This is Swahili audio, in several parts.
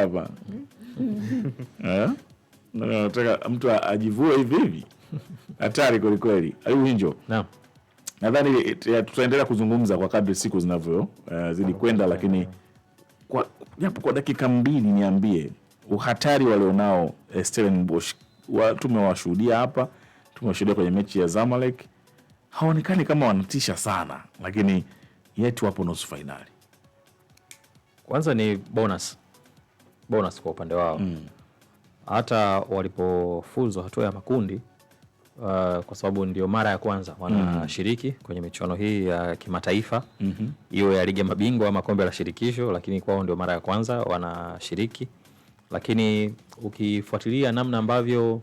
hapa mm-hmm. eh? nataka mtu ajivue hivi hivi, hatari kwelikweli. Ayu Hinjo, naam nadhani eh, tutaendelea kuzungumza kwa kadri siku zinavyozidi eh, uh, kwenda, lakini japo kwa dakika mbili niambie uhatari walionao eh, Stellenbosch. Tumewashuhudia hapa, tumewashuhudia kwenye mechi ya Zamalek, haonekani kama wanatisha sana, lakini yetu wapo nusu fainali. Kwanza ni bonus bonus kwa upande wao mm. hata walipofuzwa hatua ya makundi uh, kwa sababu ndio mara ya kwanza wanashiriki mm -hmm. kwenye michuano hii ya kimataifa mm -hmm. iwe ya ligi ya mabingwa ama kombe la shirikisho, lakini kwao ndio mara ya kwanza wanashiriki. Lakini ukifuatilia namna ambavyo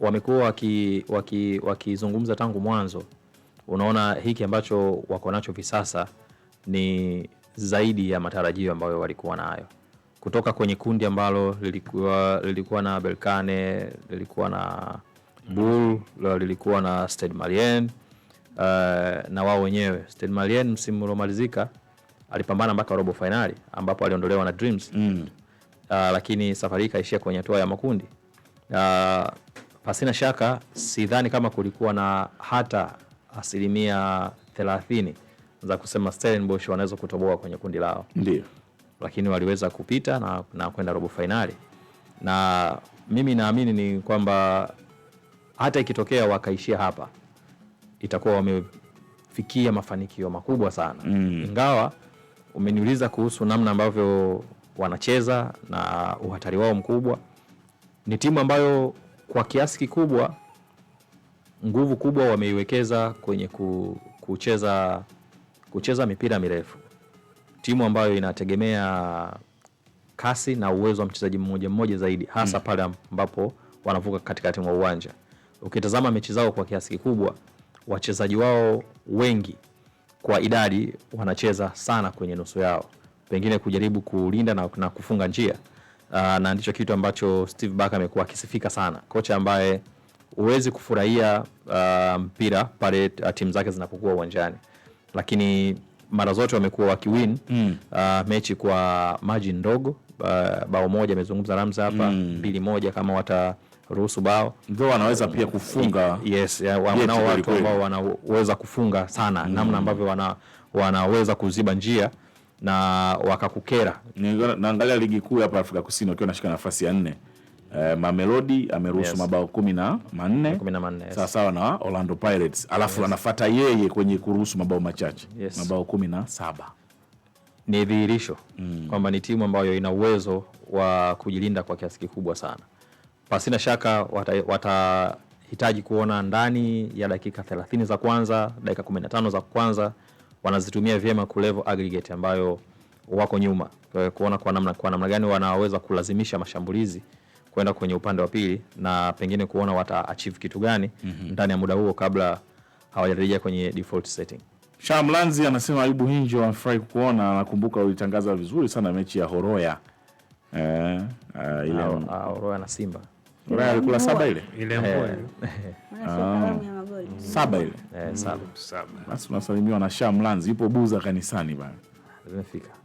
wamekuwa wakizungumza waki, waki tangu mwanzo, unaona hiki ambacho wako nacho hivi sasa ni zaidi ya matarajio ambayo walikuwa nayo kutoka kwenye kundi ambalo lilikuwa lilikuwa na Berkane, lilikuwa na Bull, lilikuwa na Stade Malien uh, na wao wenyewe Stade Malien msimu uliomalizika alipambana mpaka robo finali ambapo aliondolewa na Dreams mm. Uh, lakini safari kaishia kwenye hatua ya makundi uh, pasina shaka, sidhani kama kulikuwa na hata asilimia thelathini za kusema Stellenbosch wanaweza kutoboa kwenye kundi lao, ndio lakini waliweza kupita na, na kwenda robo fainali, na mimi naamini ni kwamba hata ikitokea wakaishia hapa itakuwa wamefikia mafanikio makubwa sana mm. Ingawa umeniuliza kuhusu namna ambavyo wanacheza na uhatari wao mkubwa, ni timu ambayo kwa kiasi kikubwa nguvu kubwa wameiwekeza kwenye kucheza, kucheza mipira mirefu timu ambayo inategemea kasi na uwezo wa mchezaji mmoja mmoja zaidi, hasa mm. pale ambapo wanavuka katikati mwa uwanja. Ukitazama mechi zao kwa kiasi kikubwa, wachezaji wao wengi kwa idadi wanacheza sana kwenye nusu yao, pengine kujaribu kulinda na, na kufunga njia aa, ah, na ndicho kitu ambacho Steve Barker amekuwa akisifika sana, kocha ambaye huwezi kufurahia uh, mpira pale ah, timu zake zinapokuwa uwanjani, lakini mara zote wamekuwa wakiwin mm. uh, mechi kwa maji ndogo uh, bao moja amezungumza Ramza hapa mm. mbili mm. moja kama wata ruhusu bao ndio wanaweza pia kufunga yes, wanao watu ambao wanaweza kufunga sana mm. namna ambavyo wana, wanaweza kuziba njia na wakakukera. Naangalia ligi kuu hapa Afrika Kusini wakiwa nashika nafasi ya nne Eh, Mamelodi ameruhusu yes, mabao kumi na manne yes, sawasawa na Orlando Pirates alafu yes, anafata yeye kwenye kuruhusu mabao machache yes, mabao kumi na saba ni dhihirisho mm, kwamba ni timu ambayo ina uwezo wa kujilinda kwa kiasi kikubwa sana. Pasina shaka watahitaji wata kuona ndani ya dakika 30 za kwanza, dakika 15 za kwanza wanazitumia vyema kulevel aggregate ambayo wako nyuma, kuona kwa namna, kwa namna gani wanaweza kulazimisha mashambulizi kwenda kwenye upande wa pili na pengine kuona wata achieve kitu gani mhm. ndani mm -hmm. ya muda huo kabla hawajarejea kwenye default setting. Shamlanzi anasema Ayubu Hinjo anafurahi kuona anakumbuka ulitangaza vizuri sana mechi ya Horoya eh, eh ile ah, ah, Horoya na Simba Horoya alikula saba ile ile eh, mm. saba ile eh, saba. Mm, Basi unasalimiwa na Shamlanzi, yupo Buza kanisani bana, zimefika